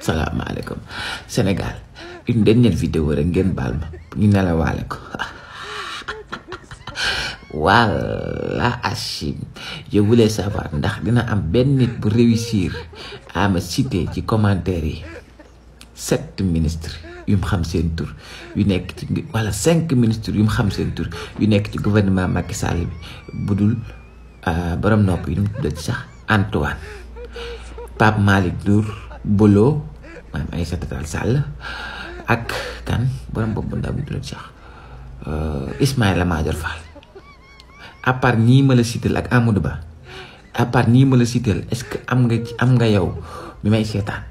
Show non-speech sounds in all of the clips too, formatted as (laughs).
salaamaaleykum Sénégal une dernière vidéo rek ngeen baal ma ñu nelawaale ko (laughs) walla Hachim je voulais savoir ndax dina am benn nit bu réussir à me citer ci commentaire yi sept ministres yu mu xam seen tur yu nekk ci walla cinq ministres yu xam seen tur yu nekk ci gouvernement Macky Sall bi bu dul ah, borom nopp yi nu mu tuddati sax Antoine Pape Malick Ndour bolo maanaam ay Aïssata Tall Sall ak kan borom bopp bu ndaw bi du leen sax Ismaïla Madior Fall à part ma ak Amadou Ba à part ñii ma la est-ce que am nga ci am nga yow bi may seetaan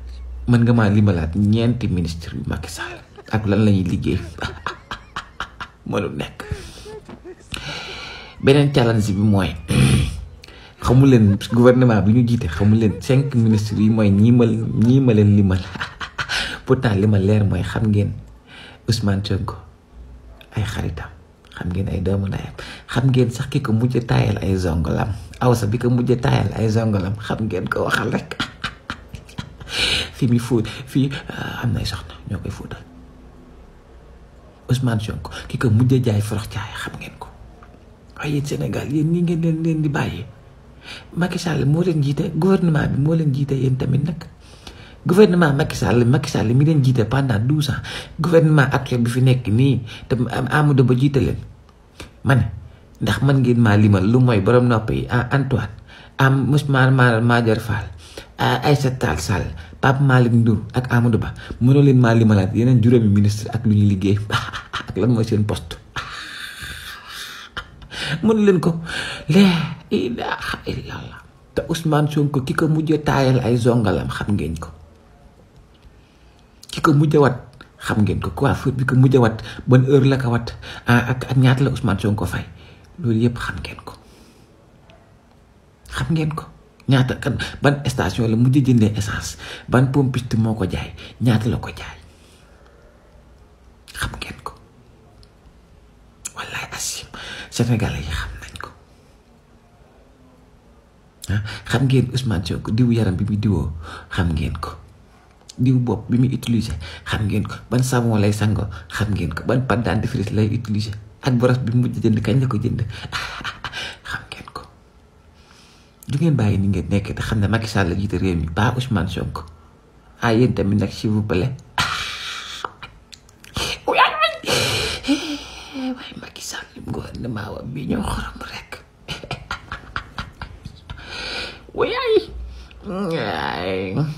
mën nga maa limalaat ñeenti ministre yu Macky Sall ak lan la ñuy liggéey mënul nekk beneen challenge bi xamu leen gouvernement bi ñu jiite xamu leen cinq ministres yi mooy ñii ma ñii ma leen limal (laughs) pourtant li ma leer mooy xam ngeen Ousmane Sonko ay xaritam xam ngeen ay doomu ndayam xam ngeen sax ki mujj taayal ay zongolam awsa bi ko mujj ay zongolam xam ngeen ko waxal rek (laughs) fi mi food, fi ah, am nay soxna ñoo koy Ousmane Sonko ki ko mujj jaay forox jaay xam ngeen ko waaye ngeen di bayi. Macky Sall moo leen jiite gouvernement bi moo leen jiite yéen tamit nag gouvernement Macky Sall Macky Sall mi leen jiite pendant douze ans gouvernement actuel bi fi nekk nii te Amadou Ba jiite leen ma ne ndax man ngeen maa limal lu mooy borom nopp yi ah, Antoine am Ousmane Madior Fall ah, Aïssata Tall Sall Pape Malick Ndour ak Amadou Ba mënoo leen maa limalaat yeneen juróomi ministre ak lu (laughs) ak lan mooy seen poste (laughs) ko leh ilaha illallah te Ousmane ki ko mujj taayal ay zongalam xam ngeen ko ki ko mujj wat xam ngeen ko coiffeur bi ko mujj wat ban heure la ko wat ah, ak ñaata la Ousmane Sonko fay loolu yëpp xam ngeen ko xam ngeen ko ñaata kan la mujj jëndee essence moo ko jaay ñaata la ko jaay xam ngeen ko wallaay asim sénégalais yi xam xam ngeen Ousmane Sonko diw yaram bi muy diwoo xam ngeen ko diw bopp bi mi utiliser xam ngeen ko ban savon lay sango xam ngeen ko ban pandan dentifrice lay utiliser ak boros bi mujj jënd kañ la ko jënd xam (laughs) ngeen ko du ngeen bàyyi ni ngeen nekk te xam ne Macky Sall jiite réew mi pas Ousmane Sonko ah yéen tamit nag s'il vous plaît (laughs) waaye Macky Sall gouvernement bi ñoo xorom rek 我呀，嗯呀。